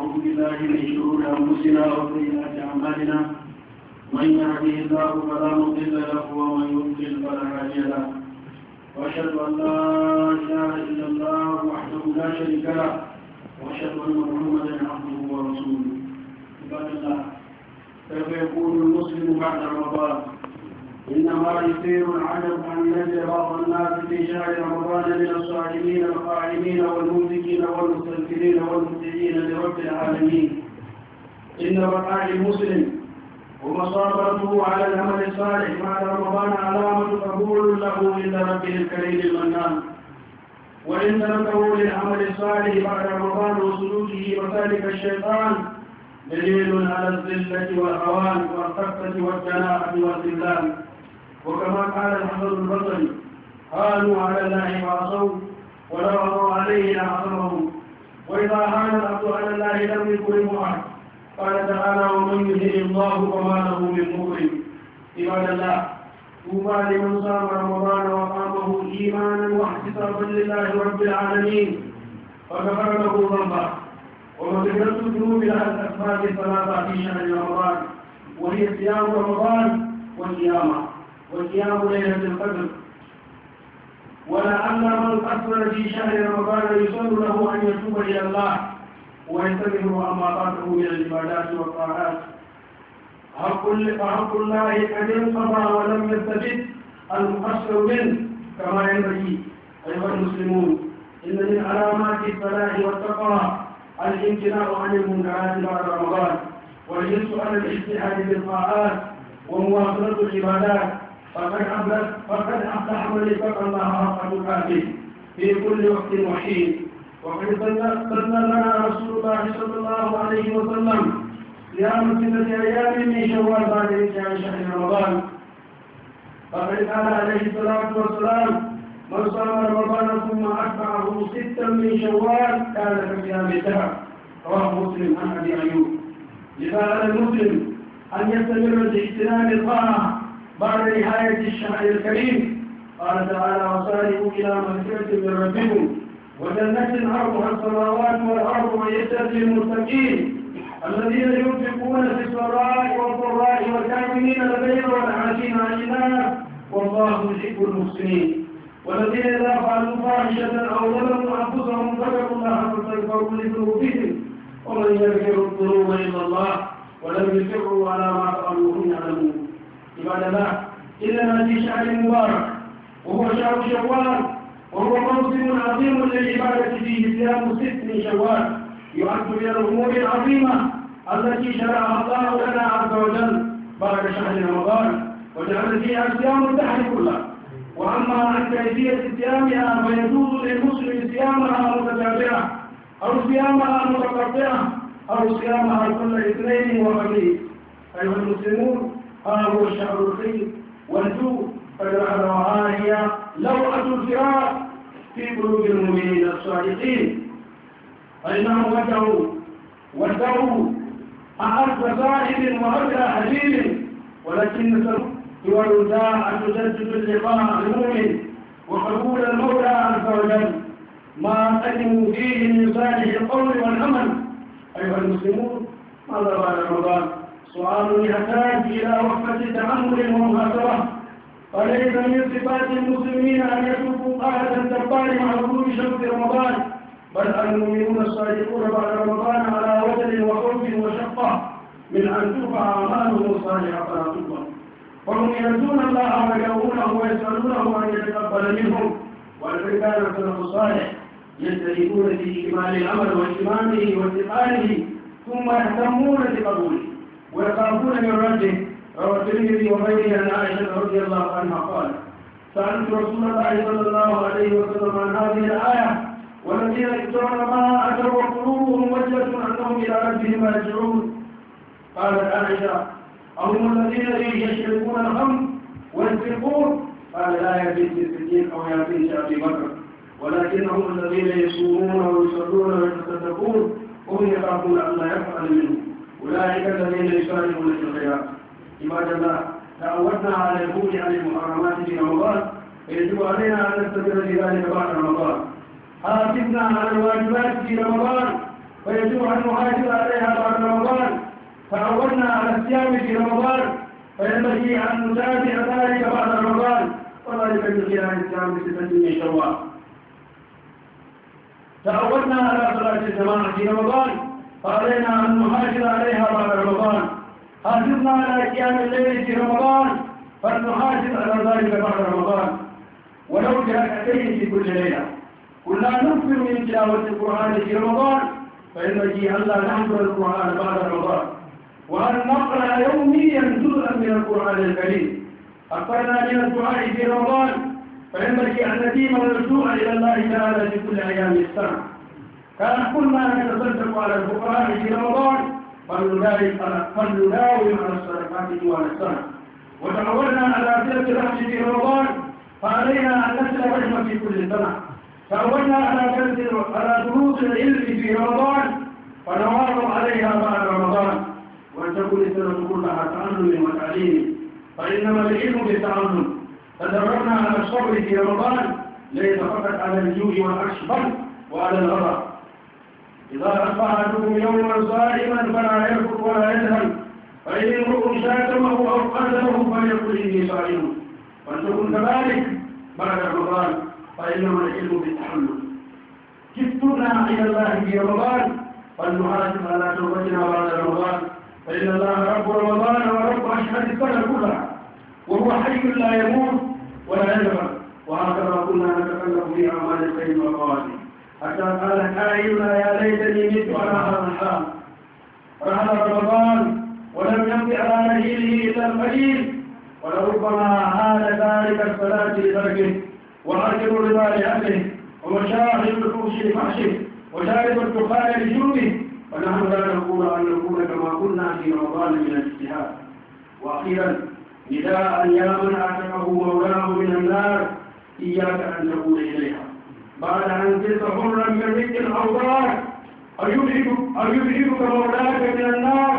ونعوذ بالله من شرور أنفسنا وسيئات أعمالنا من يهده الله فلا مضل له ومن يضلل فلا هادي له وأشهد أن لا إله إلا الله وحده لا شريك له وأشهد أن محمدا عبده ورسوله عباد الله كيف يكون المسلم بعد رمضان إنما يثير العجب أن يجد بعض الناس في شهر رمضان من الصائمين القائمين والممسكين والمستنكرين والمطيعين لرب العالمين إن بقاء المسلم ومصابرته على العمل الصالح بعد رمضان علامة قبول له عند ربه الكريم المنان وإن تركه للعمل الصالح بعد رمضان وسلوكه وذلك الشيطان دليل على الذلة والهوان والخفة والجناعة والذلان وكما قال الحسن البصري هانوا على الله وعصوا ولو أمروا عليه لعصمهم وإذا هان العبد على الله لم يكرمه أحد قال تعالى ومن يهن الله وما له من مكرم عباد الله طوبى لمن صام رمضان وقامه إيمانا واحتسابا لله رب العالمين فغفر له ذنبه ومغفرة الذنوب على الأسباب الثلاثة في شهر رمضان وهي صيام رمضان والقيامة وصيام ليلة القدر ولعل من أسر في شهر رمضان يسن له أن يتوب إلى الله ويستغفر أما فاته من العبادات والطاعات حق فحق الله قد انقضى ولم يستجد المقصر منه كما ينبغي أيها المسلمون إن من علامات الفلاح والتقوى الامتناع عن المنكرات بعد رمضان والحرص على الاجتهاد بالطاعات ومواصلة العبادات فقد ابلغ فقد أفلح من اتقى الله حق تقاته في كل وقت وحيد وقد سن لنا رسول الله صلى الله عليه وسلم صيام سنه أيام من شوال بعد إنتهاء شهر رمضان فقد قال عليه الصلاة والسلام من صام رمضان ثم أتبعه ستا من شوال كان كصيام الدهر رواه مسلم عن أبي أيوب لذا على المسلم أن يستمر في اجتناب الطاعة بعد نهاية الشهر الكريم قال تعالى وصالحوا إلى مغفرة من ربكم وجنة عرضها السماوات والأرض ويسر للمتقين الذين ينفقون في السراء والضراء والكاملين البيت والعاشين عن والله يحب المحسنين والذين إذا فعلوا فاحشة أو ظلموا أنفسهم ذكروا الله فاستغفروا لذنوبهم ومن يذكر الذنوب إلا الله ولم يصروا على ما فعلوا وهم يعلمون عباد الله إننا في شهر مبارك وهو شهر شوال وهو موسم عظيم للعبادة فيه صيام ست من شوال يعد من الأمور العظيمة التي شرعها الله لنا عز وجل بعد شهر رمضان وجعل فيها صيام الدهر كله وأما عن كيفية صيامها فيجوز للمسلم صيامها متتابعة أو صيامها متقطعة أو صيامها كل اثنين وغيره أيها المسلمون هذا هو شهر الخير والجوع فجعل هي لوعة الفراق في قلوب المؤمنين الصادقين فإنهم ودعوا ودعوا أعز صاحب وأدى حبيب ولكن سلوك هو الوداع أن تجدد اللقاء المؤمن وقبول المولى عز وجل ما قدموا فيه من صالح القول والعمل أيها المسلمون ماذا بعد رمضان سؤال يحتاج إلى وقفة تأمل ومحاسبة فليس من صفات المسلمين أن يتركوا قاعدة الدبار مع وجود شمس رمضان بل المؤمنون الصادقون بعد رمضان على وجل وخوف وشقة من أن ترفع أعمالهم الصالحة فلا تقبل وهم يرجون الله ويدعونه ويسألونه أن يتقبل منهم ولقد كان السلف الصالح يجتهدون في إكمال العمل واهتمامه واتقانه ثم يهتمون بقبوله ويخافون من رده روى الترمذي وغيره عن عائشة رضي الله عنها قال سألت رسول الله صلى الله عليه وسلم عن هذه الآية والذين يكثرون ما أجروا قلوبهم وجهة أنهم إلى ربهم يرجعون قالت عائشة أو الذين يشربون الخمر والفقور قال لا يبيت الصديق أو يبيت أبي بكر ولكنهم الذين يصومون ويصلون ويتصدقون هم يخافون لا يفعل منهم أولئك الذين يسارعون في الخيرات عباد الله تعودنا على الخروج عن المحرمات في رمضان فيجب علينا أن نستمر في ذلك بعد رمضان حاسبنا على الواجبات في رمضان ويجب أن نحافظ عليها بعد رمضان تعودنا على الصيام في رمضان فينبغي أن نتابع ذلك بعد رمضان وذلك من خلال الصيام في ستة من شوال تعودنا على صلاة الجماعة في رمضان فعلينا أن نهاجر عليها بعد رمضان حافظنا على قيام الليل في رمضان فلنحافظ على ذلك بعد رمضان ولو بركعتين في كل ليلة كنا نكثر من تلاوة القرآن في رمضان فإن ألا نحضر القرآن بعد رمضان وأن نقرأ يوميا جزءا من القرآن الكريم اقبلنا من الدعاء في رمضان فينبغي أن نديم الرجوع إلى الله تعالى في كل أيام السنة كان كل ما نتصدق على الفقراء في رمضان لا على الصدقات طوال السنة وتعودنا على صلة الرحم في رمضان فعلينا أن نسأل الرحمة في كل سنة تعودنا على على دروس العلم في رمضان فنوع تكن السنة كلها تعلم وتعليم فإنما العلم بالتعلم تدربنا على الصبر في رمضان ليس فقط على الجوع والأشبر وعلى الغضب إذا أصبح أحدكم يوما صائما فلا يرفض ولا يذهب فإن امرؤ شاتمه أو قتله فليقل إني صائم فلتكن كذلك بعد رمضان فإنما العلم بالتحمل كفتنا إلى الله في رمضان فلنحاسب على توبتنا بعد رمضان فإن الله رب رمضان ورب أشهد السنة كلها وهو حي لا يموت ولا يجمع وهكذا كنا نتكلم في أعمال الخير والقوانين حتى قال قائل يا ليتني مت على هذا الحال رحل رمضان ولم يمت على نهيله إلا القليل ولربما هذا ذلك الصلاة لتركه وأرجو الرضا لأهله ومشاغل الفوش لفحشه وشاهد الدخان لجنوبه ونحن لا نقول أن نكون كما كنا في رمضان من الاجتهاد وأخيرا نداء يا من أعتقه مولاه من النار إياك أن تقول إليها بعد أن تلك حرا من رزق الأوضاع أيبعدك مولاك من النار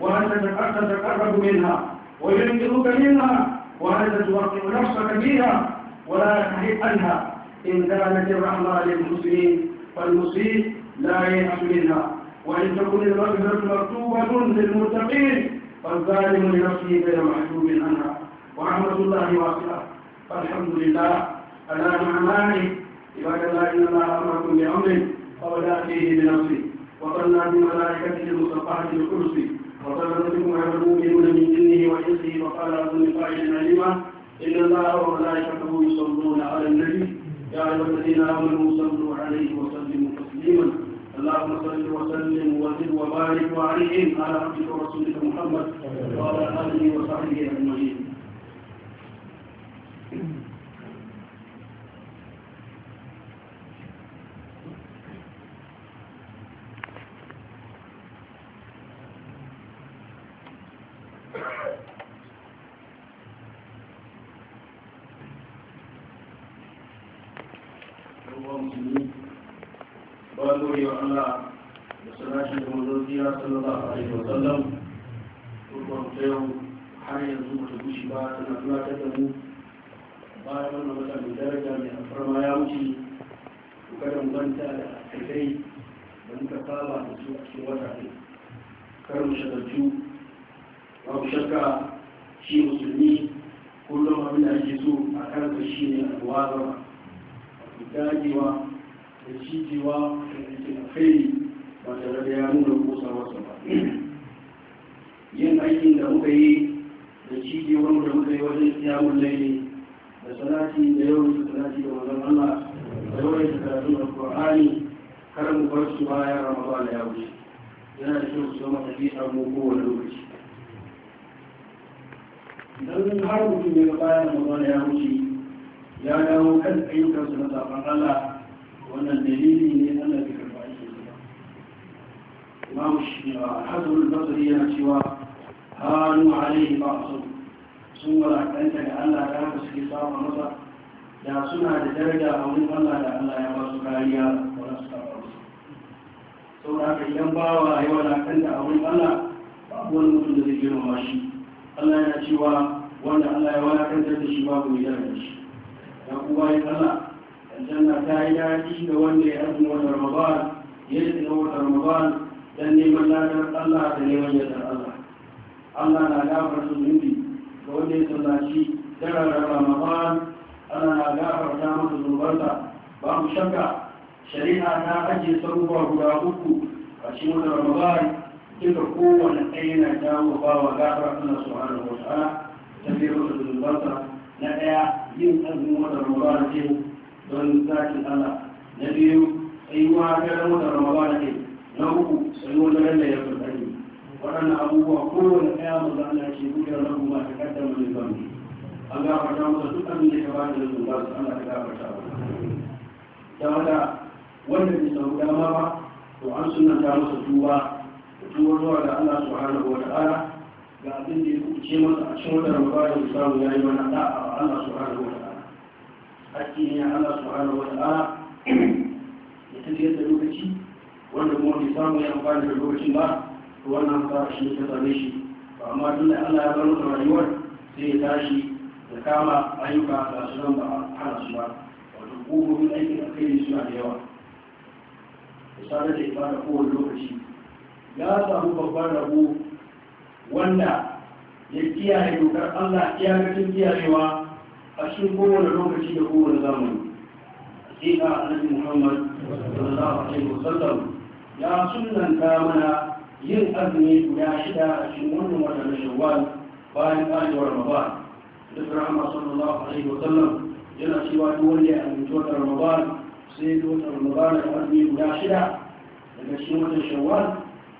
وأنت تتقرب منها وينقذك منها وأنت توقع نفسك فيها ولا تحيد عنها إن كانت الرحمة للمسلمين فالمسيء لا ييأس منها وإن تكون المغفرة مكتوبة للمتقين فالظالم لنفسه غير محجوب عنها ورحمة الله واسعة فالحمد لله ألا نعمائه عباد الله إن الله أمركم بأمر فبدأ فيه بنفسه وصلى بملائكته المصطفاه بالكرسي وصلى بكم على المؤمنون من جنه وإنسه وقال رسول الله علما إن الله وملائكته يصلون على النبي يا أيها الذين آمنوا صلوا عليه وسلموا تسليما اللهم صل وسلم وزد وبارك وعليهم على عبدك ورسولك محمد وعلى اله وصحبه اجمعين wasallam turban ta har yanzu ba ta gushi ba na tunatar da mu bayan wannan wata mai daraja mai alfarma ya wuce kada mu manta da kai da muka saba da su a cikin wata ne kar mu shagaltu ku shakka shi musulmi kullum abin da ake so a karka shi ne alwazar dagewa da cijewa da ke alkhairi ba tare da ya nuna kusa wasa ba yin aikin da muka yi da cije wani da muka yi wajen kiyamun laili da salati da yau da salati da wannan Allah da yawai da karatun alkur'ani kar mu bar su baya ramadan ya wuce yana da kyau su zama tafiya mu kowane lokaci idan har mutum ya ga bayan ramadan ya wuce ya dawo kan ayyukansa na saban Allah wannan dalili ne Allah bai karɓa aikinsa ba imamu shi ne a hazarul basari yana cewa kanu alaihi ba su sun walakanta ga Allah da haka suke saba masa da suna da daraja a wurin Allah da Allah ya ba su kariya wala su saba masa sau da haka idan bawa ya walakanta a wurin Allah babu wani mutum da zai girmama shi Allah yana cewa wanda Allah ya walakantar da shi babu mai daraja shi ya kuma yi Allah aljanna ta yi daɗi ga wanda ya azumi wata ramadan ya yi wata ramadan dan neman ladar Allah da neman yadda Allah na gafar zunubi ga wanda ya sallaci daren Ramadan Allah na gafarta masa ba babu shakka shari'a ta ajiye sabuwa guda uku a cikin wata Ramadan duka kowane ɗaya na jawo ba wa gafar su subhanahu wa ta'ala ta biyo masa zunubansa na ɗaya yin azumin wata Ramadan ke don zakin Allah na biyu tsayuwa ta wata Ramadan ke na uku tsayuwa daren da ya fi waɗannan abubuwa kowane ɗaya mu da Allah ke buɗe na ba ta kaddama ne ban an gafarta masa duk abin da ya bada da zuwa su Allah ta gafarta ba da wata wanda bai samu dama ba to an ta masa tuba da tuba zuwa ga Allah subhanahu wata ta'ala ga abin da ya kuce masa a cikin wata ramadana da samu yayi mana da'a a Allah subhanahu wata ta'ala hakki ne Allah subhanahu wata ta'ala ya tafiyar da lokaci wanda kuma bai samu ya amfani da lokacin ba wannan ba shi ta same shi ba amma tun da Allah ya zama da rayuwar sai ya tashi da kama ayyuka ga su nan ba hana su ba wato ƙofofin aikin alkhairi suna da yawa ya sadar da ibada kowane lokaci ya samu babban rabo wanda ya kiyaye dokar Allah iyakacin kiyayewa a cikin kowane lokaci da kowane zamani sai ga annabi Muhammad sallallahu alaihi wasallam ya sunanta mana yin azumi guda shida a cikin wannan wata na shawwal bayan ƙarewar ramadan duk rahama sallallahu alaihi wa sallam yana cewa duk wanda ya azumci wata ramadan sai ya wata ramadan da azumi guda shida daga cikin watan shawwal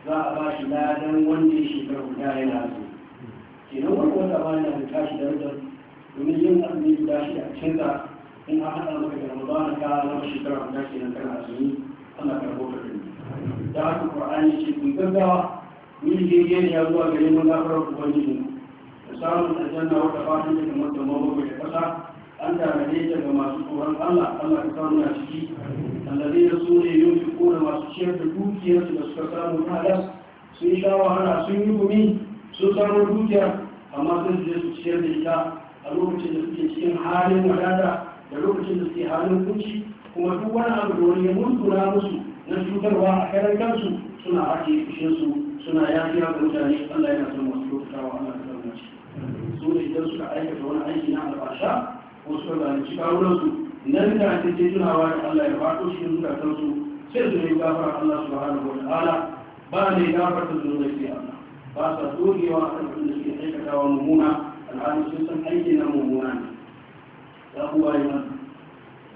za a ba shi ladan wanda ya shekara guda yana azumi kenan wani wata ba yana da tashi da rudar domin yin azumi guda shida a cikin in an haɗa maka da ramadan ka zama shekara guda kenan kana azumi alƙur'ani shi kun gaggawa ni jirgin ne ya zuwa gare mun gafarar ubangiji da samun aljanna wata fatan kamar mata mawuwa da ƙasa an tarare ta ga masu tsoron allah allah ka samu na ciki allazi da su ne yau fi masu ciyar da dukiyarsu da suka samu halas sun sha wahala sun yi gumi sun samu dukiya amma sun je su ciyar da ita a lokacin da suke cikin halin wadata da lokacin da suke halin kunci kuma duk wani abu da wani ya na musu na cutarwa a karan kansu suna ake fushinsu suna yafiya ga mutane Allah yana son masu kyautatawa Allah ta zama ci su ne idan suka aikata wani aiki na albasha ko suka zalunci kawunansu nan da ake ce tunawa da Allah ya fato shi zukatansu sai su ne gafara Allah hana wa ta'ala ba ne gafarta zuwa sai Allah ba sa dogewa a kan abin suke aikatawa mummuna al'adu sun san aiki na mummuna ne ya kuwa yi nan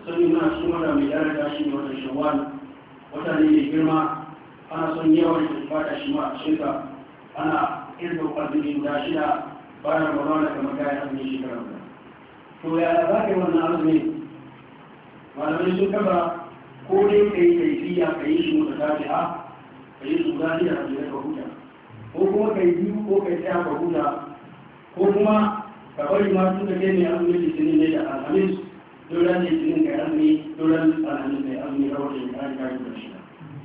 sani na shi wata mai yarda shi ne wata shawwal wata ne mai girma ana son yawan fata shi ma shirka ana irga ne guda shida bayan da kamar kayan azumin shekarar da to ya za ka yi wannan azumi malamai sun kaba ko dai ka yi kaifiya ka yi shi mutu tafiya ka yi su guda shida da ka huta ko kuma ka yi biyu ko ka yi tsaya ka huta ko kuma ka bari ma tun da kai mai azumin litinin ne da alhamis dole ne litinin ka yi azumi dole alhamis mai azumi rawar da ya kare kare da shi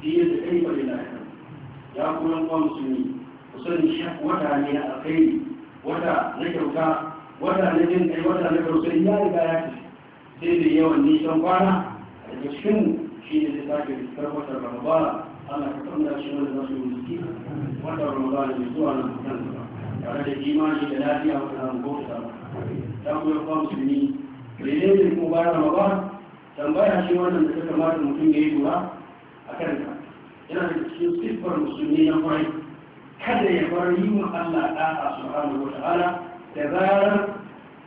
fiye da kai bari na ya kuma kwa musulmi ku sani wata ne a kai wata na kyauta wata na jin kai wata na kausai ya riga ya ce sai da yawan nisan kwana a daga cikin shi ne zai sake fitar wata ramadana ana kasan da shi wanda zasu yi jiki wata ramadana mai zuwa nan kan tare da imani da lafiya wata zan bauta ya kuma kwa musulmi da ne kuma bayan ramadana tambaya shi wannan da ta kamata mutum ya yi lura a kanka yana da cikin siffar musulmi na kwarai kada ya bar yi wa Allah da'a subhanahu wa ta'ala da zarar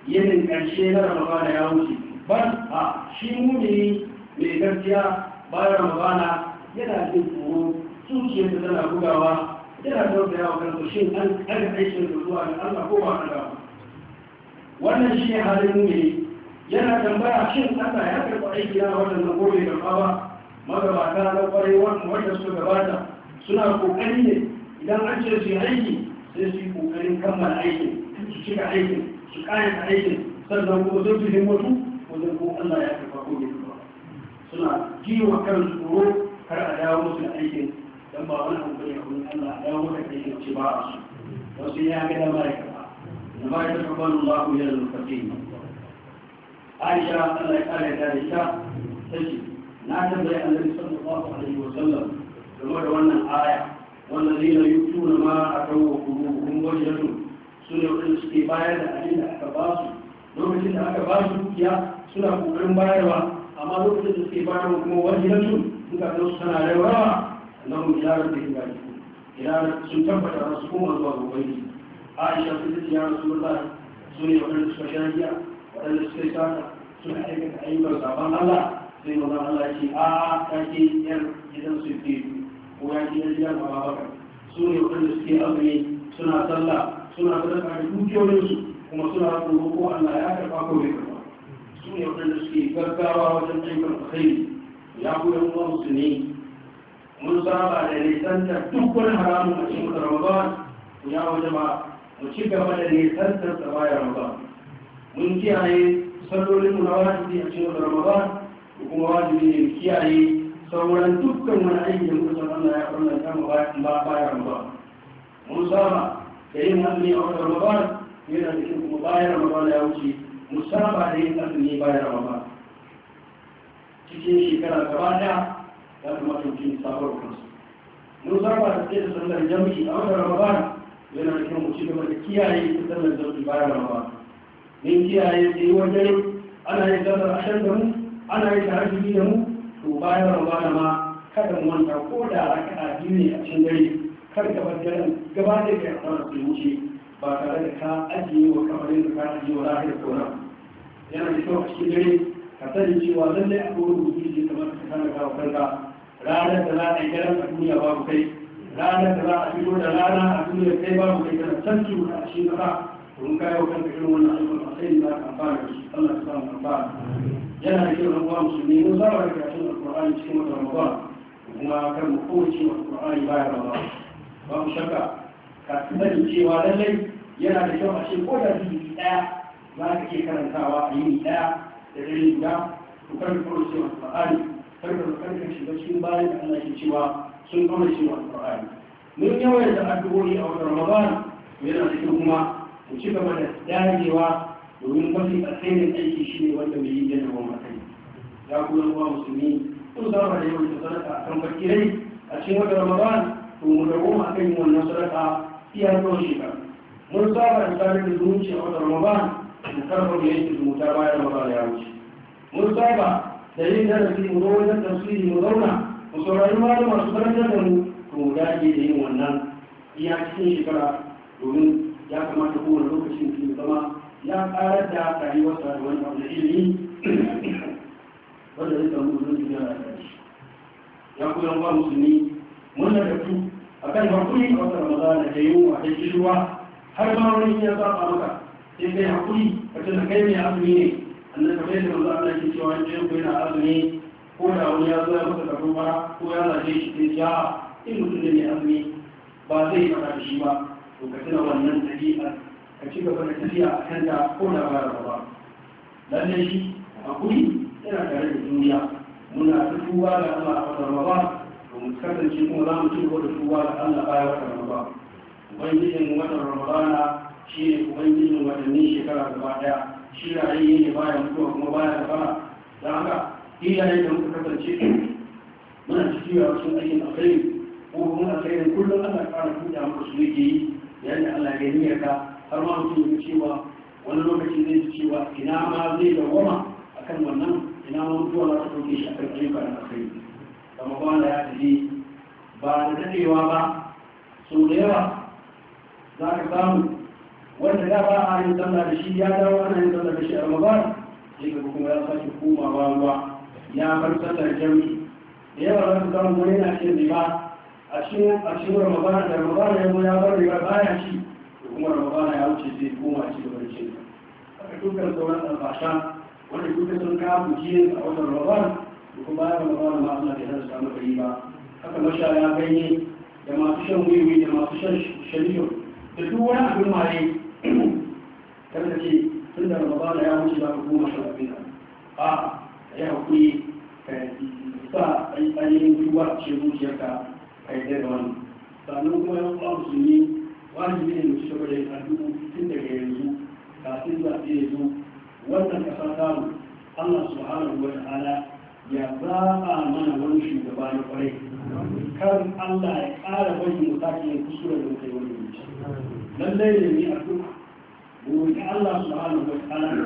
yinin ƙarshe na ramadana ya wuce ban a shi mumini mai gaskiya bayan ramadana yana jin tsoro zuciyar da tana bugawa yana tausaya wa kansa shin an karfe shi da zuwa ga Allah ko ba ka wannan shi halin mumini yana tambaya shin Allah ya karɓi aiki na wannan na gobe da ba magabata na kwarai wanda suka gabata suna kokari ne idan an ce su yi aiki sai su yi kokarin kammala aikin su cika aikin su kayan aikin sannan kuma sun fi himmatu wajen ko Allah ya karfa ko bai ba suna jiwa kan tsoro kar a dawo musu da aikin dan ba wani abu a kuma Allah ya dawo da aikin ce ba a su wasu ya ga da ma'aikata da ba ban Allah ya ba Aisha Allah ya kare da ita sai na tambayi annabi sallallahu alaihi wa sallam game da wannan aya zai wallazina na ma a atau wa qulubuhum wajhatun sune wanda suke bayar da abin da aka ba su lokacin da aka ba su dukiya suna kokarin bayarwa amma lokacin da suke bayarwa kuma wajhatun suka zo suna rawa annahum ila rabbihim raji'un ila sun tabbata da su koma zuwa gobe aisha sun ce ya rasulullah sune wanda suka shariya wanda suka yi sana suna aikata ayyukan sabon Allah sai maza Allah ce a kake yar gidan su fi ko ya gidan gidan ba ba su ne wanda suke azumi suna sallah suna sadaka da dukiyoyinsu kuma suna tsoro ko Allah ya karba ko bai karba su ne wanda suke gaggawa wajen aikin alkhairi ya koyi yan uwa musulmi mun saba da nisantar duk wani haramun a cikin Ramadan ya waje ba mu ci gaba da nisantar sa bayan Ramadan mun kiyaye sallolin mu na wajibi a cikin Ramadan kuma wajibi ne mu kiyaye sauran dukkan wani aiki da muka san Allah ya farlanta mu ba bayan ba mun da yin azumi a wata Ramadan yana da kyau kuma bayan Ramadan ya wuce mu saba da yin azumi bayan Ramadan cikin shekara gaba da ya kamata mutum sabar kansu mun saba da tsaye da sallar jami'i a wata Ramadan yana da kyau mu ci gaba da kiyaye da jami'i bayan Ramadan min kiyaye tsayuwar dare ana yin sallar ashar da mu ana yi tare da gidan to bayan ramadana ma kada mu wanda ko da a biyu ne a cikin dare kar ka bar daren gaba da kai a sama su wuce ba tare da ka ajiye wa kamar yadda ka ajiye wa lahiyar ko na yana da kyau a cikin dare ka sani cewa lallai a kowane rubutu ne kamar ka kana kawo kanka ranar da za a yi daren a duniya babu kai ranar da za a fito da rana a duniya kai babu kai kana can ciwo a cikin ka domin kayo kanka irin wannan ayyukan a sai da za ka amfana da shi Allah ya samu amfana yana da kyau rabuwa musulmi mun zama da karatun alkur'ani cikin wata rabuwa kuma kar mu kowace wa alkur'ani baya Ba mu shakka ka sani cewa lallai yana da kyau a ce ko da bibi ɗaya za ka ke karantawa a yini ɗaya da dare guda ku kar ka alkur'ani kar ka shiga cikin bayan da Allah ke cewa sun kawace wa alkur'ani mun yawaita addu'o'i a wata ramadan yana da kyau kuma mu ci gaba da dajewa domin mafi alkhairin aiki shi ne wanda mai yi yana wa makai ya kuma zuwa musulmi kun zama da yawan sadaka a kan rai a cikin wata ramadan to mu da goma kan wannan sadaka iya zuwa shekaru mun saba da sadar da zumunci a wata ramadan mu karfa da yanke zumunta bayan ramadan ya wuce mun saba da yin darasi mu zo wajen tafsiri mu zauna mu saurari malama masu karantar da mu to mu dage da yin wannan iya cikin shekara domin ya kamata kowane lokacin da zama ya ƙarar da rayuwarsa da wani abu da ilimi wanda zai samu zuwa duniya na shi ya koyan ba musulmi mun da tu a kan hakuri a wata ramadana da yi a da kishirwa har ma wani ya zaɓa maka sai kai hakuri a cikin kai mai azumi ne annan kamar yadda manzo ana ke cewa in ku yana azumi ko da wani ya zo ya masa kafin bara ko ya zaje shi sai ya in mutum ne mai azumi ba zai faɗa da shi ba to ka tuna wannan dabi'a ka cigaba da tafiya a kanta ko da ba da ba lallai shi hakuri yana tare da duniya muna ta tuba ga Allah a wata ba ba mu kasance kuma za mu ci gaba da tuba ga Allah a wata ba ubangijin watan ramadana shi ne ubangijin watanni shekara gaba daya shi ra'ayi ne baya mutuwa kuma baya da fara da haka iyaye da muka kasance muna cikin yawancin aikin alkhairi ko kuma alkhairin kullum ana ƙara tuta musu da niyyarka har ma mutum ya cewa wani lokaci zai ji cewa ina ma zai a kan wannan ina ma mutuwa za ta ɗauke shi kan ayyuka da akai kama kwana ya tafi ba da dadewa ba sau da yawa za ka samu wanda da ba a yin zanna da shi ya dawo ana yin zanna da shi a ramadan sai ka kuma ya sake komawa ruwa ya bar sallar jami da yawa za ka samu wani yana cin riba a cikin ramadan da ramadan ya zo ya bar riba baya ci kuma ramadana ya wuce zai koma ci gaba da cin haka dukkan sauran albasha wanda duka sun kafu jiya a wajen ramadana da kuma bayan ramadana ma suna da yadda samu gari ba haka mashaya ganye da masu shan wiwi da masu shan shariyo da duk wani abin mare kada ce tun da ramadana ya wuce za ka koma shan abin nan a ya hakuri ka sa ainihin duwa ce zuciyarka ka yi daga wani sannan kuma ya uwa musulmi wajibi ne mu shiga da addu'o tun daga yanzu kafin zaɓe ya zo wannan ƙasa tamu Allah subhanahu wa ta'ala ya zaɓa mana wani shugaba na kwarai kan Allah ya ƙara bari mu sake yin kusurar da kai wani yanci lallai ne ni addu'a gobe Allah subhanahu wa ta'ala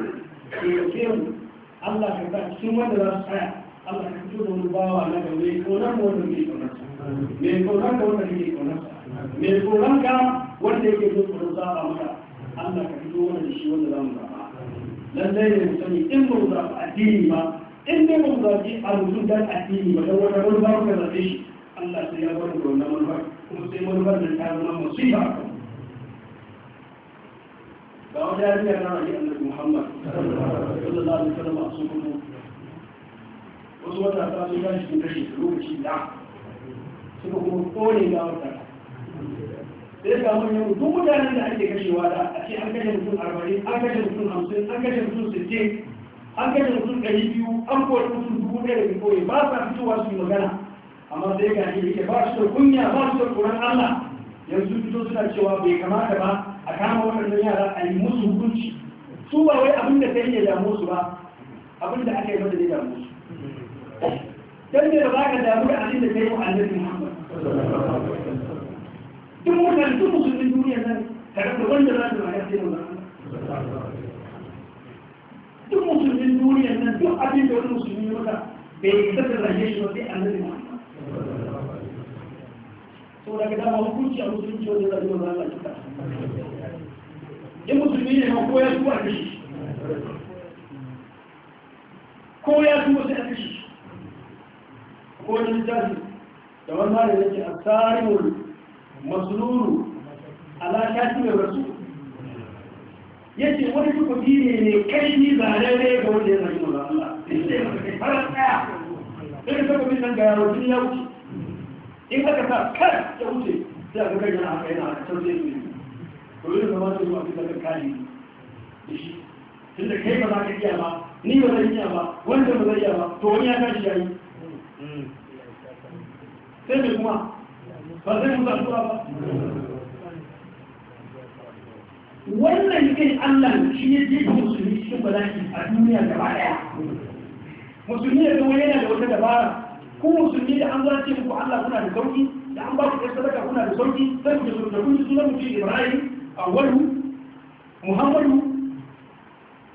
ya ke mu Allah ka sa cikin wanda za su tsaya Allah ka fito da wani bawa na gaba mai kaunar wanda mai kaunar mai kaunar wanda mai kaunar mai kaunar ka wanda yake jin tsoron zaɓa maka Allah ka fito wanda da shi wanda za mu zaɓa lallai ne mu sani in ba mu zaɓi addini ba in dai ba mu zaɓi a mutum dan addini ba dan wata wani ba mu ka zaɓe shi Allah sai ya bar da wannan manufar kuma sai manufar da ta zama musiba a kan ga wani yarinya na rage annabi Muhammad sallallahu alaihi wasallam a sun kuma wasu wata ta sun gashi sun kashe lokaci da suka kuma kone ga wata sai ga mun yau duk mutanen da ake kashewa da a ce an kashe mutum arba'in an kashe mutum hamsin an kashe mutum sittin an kashe mutum ɗari biyu an kori mutum dubu ɗaya da koyi ba sa fitowa su yi magana amma sai ga shi yake ba su da kunya ba su da tsoron Allah yanzu fito suna cewa bai kamata ba a kama waɗannan yara a yi musu hukunci su ba wai abin da kai ya damu su ba abin da aka yi mata zai damu su dan da ba ka damu da abin da kai mu annabi Muhammad duk mutane duk musulmin duniya nan kada ku wanda za su rayar sai duk musulmin duniya nan duk abin da wani musulmi ya maka bai yi kasar rayar shi wasu annabi muhammad sau da gada ma hukunci a musulunci wanda za su yi wa cika in musulmi ne ma ko ya tuba ko ya tuba sai a ko wani zafi da wani yake a tsarin masululu ta shafi da rasu ya ce wani tukudi ne ne kai ni ba ga wanda ya zai nuna Allah inda ya ɗin farar ga yaro ya wuce in aka sa kan ya wuce sai aka kai yana yana a can zai yi to yi zama su zuwa bisa kan kari da shi tun da kai ba za ka iya ba ni ba zai iya ba wanda ba zai iya ba to wani ya tashi ya sai mai kuma ba zai musa tura ba wannan kai Allah shi ne ya jefa musulmi cikin bala'i a duniya gaba daya musulmi da kuma yana da wata dabara ko musulmi da an zace muku Allah kuna da sauki da an ba ku ɗan sadaka kuna da sauki sai ku jefa da kun ji sunan mutum Ibrahim awwalu Muhammadu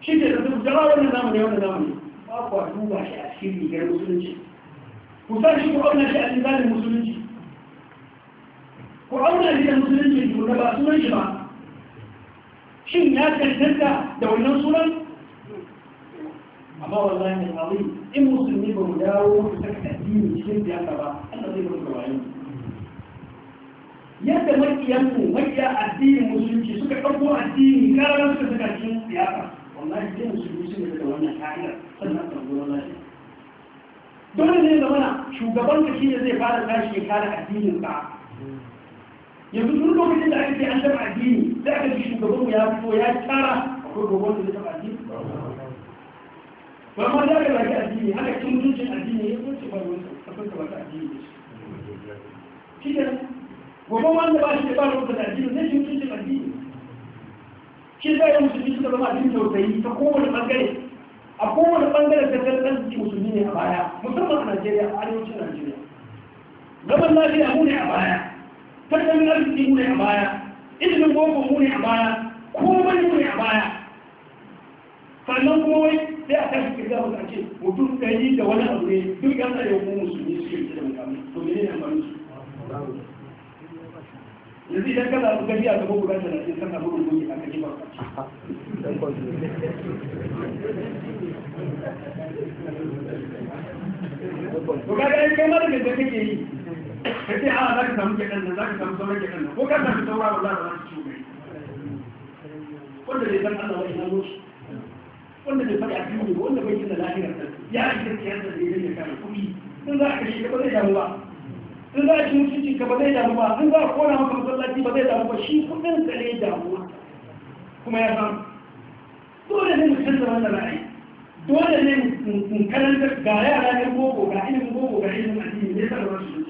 shi ke da duk jama'a wannan zamani wannan zamani ba ku duba shi a cikin rigar musulunci ku san shi ku auna shi a cikin musulunci ku auna rigar musulunci da ba sunan shi ba shin ya kaddanta da wannan sunan amma wallahi ya abu in musulmi ba mu dawo mu saka addini cikin siyasa ba Allah zai mutu wayo yadda makiyanmu makiya addinin musulunci suka ɗauko addini ƙarar suka saka cikin siyasa wallahi sai musulmi sun yi da wannan ka'idar sannan ka zo lafiya dole ne zamana shugaban ka shi ne zai fara tashi ya kare addinin ka yanzu duk lokacin da ake an taɓa addini za ka ji shugaban ya fito ya tara akwai gobe da taɓa addini ba ma za ka baki addini haka cin mutuncin addini ya kunce ba wani kafin ka baki addini da shi shi gobe wanda ba shi da ba rubuta addini zai cin mutuncin addini shi zai yi musulmi suka zama addini tausayi ta kowane bangare a kowane bangaren tattalin arziki musulmi ne a baya musamman a najeriya a arewacin najeriya gaban lafiya mu ne a baya tattalin arziki mu ne a baya ilimin boko mu ne a baya komai mu ne a baya sannan kuma wai sai a tashi kirga wasu ake mutum ka yi da wani abu ne duk yan tsare ko musulmi su yi da mutane to ne ne amfani su yanzu idan ka su gajiya ga boko gasa da sai sannan boko goge a kaji ba to kaga ai kai ma da kake yi ka ce a za ka samu gyaɗan nan za ka samu sauran gyaɗan nan ko ka samu saura ba za ka samu ciwo mai wanda bai san Allah wani hannu shi wanda bai faɗi addini ba wanda bai gina lahirar nan ya yi gaskiyar da zai rage kare kuɗi in za a kashe ka ba zai damu ba in za a ci mutunci ka ba zai damu ba in za a kona maka masallaci ba zai damu ba shi kuɗin ka ne damuwa kuma ya samu dole ne mu canza wannan ra'ayi dole ne mu karanta ga yara ne gogo ga ilimin gogo ga ilimin addini ne sanar da su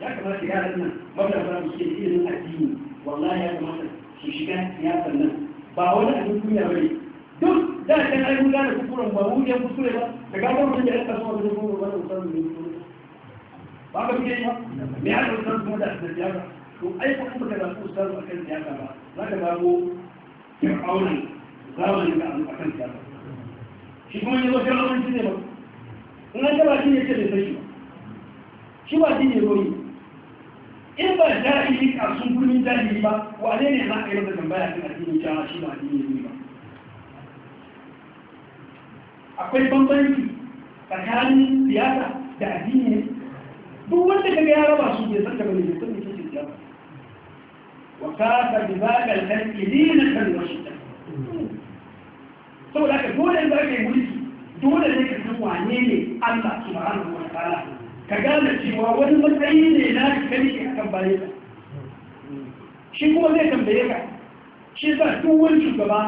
ya kamata yaran nan matasa su ke ilimin addini wallahi ya kamata su shiga siyasar nan ba wani abin kunya ba ne duk da a ai mun gane ba mu ba da so da ba san ne ba ba me ya da san kuma da siyasa to ai ko kuma da su san siyasa ba za ka ba mu zamanin da siyasa shi kuma ne ba ne ba in an shi ne ce da shi ba shi ne royi in ba yi a sun gurmin jahili ba wane ne za a yi masa tambaya kan addini cewa shi ba addini ne ba akwai bambanci tsakanin siyasa da addini ne duk wanda kaga ya raba su bai san da bane bai san da ke siyasa wa kafa bi zakal tanqidina kan washita saboda ka dole in za ka yi mulki dole ne ka san wane ne Allah subhanahu wa ta'ala ka gane cewa wani matsayi ne na kani a kan bayan ka shi kuma zai tambaye ka shi sa duk shugaba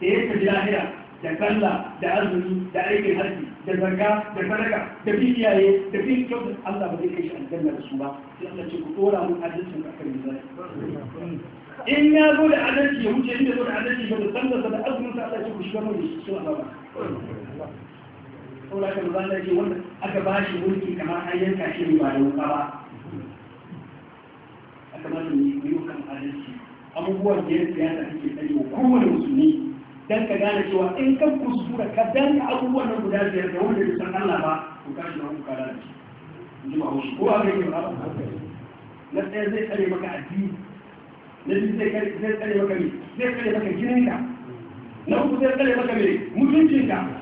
da ya kaji lahira da kalla da azumi da aikin harki da zarga da sadaka da bibiyaye da bin kyau Allah ba zai kai shi aljanna da su ba sai Allah ce ku dora mun adalcin akan mizani in ya zo da adalci ya wuce inda zo da adalci ba da sallarsa da azumin sa Allah ce ku shiga mun shi su Allah ba saboda haka manzo Allah ce wanda aka ba shi mulki kamar an yanka shi ba da wuka ba aka ba shi kan adalci abubuwan da ya tsaye wa kowane musulmi dan ka gane cewa in ka kuskura ka abubuwan nan guda biyar da wanda bai san Allah ba to ka shi kuka da shi ji ba haushi ko abin yi ba na ɗaya zai tsare maka addini na biyu zai tsare maka zai tsare maka jininka na uku zai tsare maka ne mutuncinka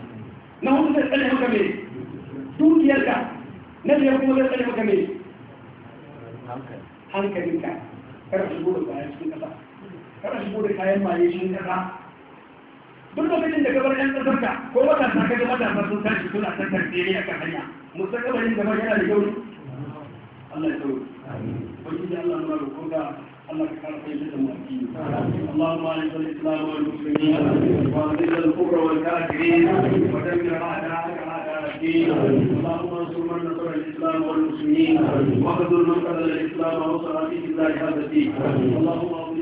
na hudu zai tsare maka mai dukiyarka na biyar kuma zai tsare maka mai hankalinka kar a shigo da kayan cikin kasa kar a shigo da kayan maye cikin kasa duk lokacin da gabar yan kasar ko wata ta kaga matasa sun tashi suna tantar tsere a kan hanya musamman gabar yana da yau Allah ya tsoro. Wani Allah na roƙon اللهم اعز الاسلام والمسلمين واذل الكفر والكافرين ودمر اعداءك اعداء الدين اللهم انصر من نصر الاسلام والمسلمين واخذل من خذل الاسلام ونصر في الله هذا الدين اللهم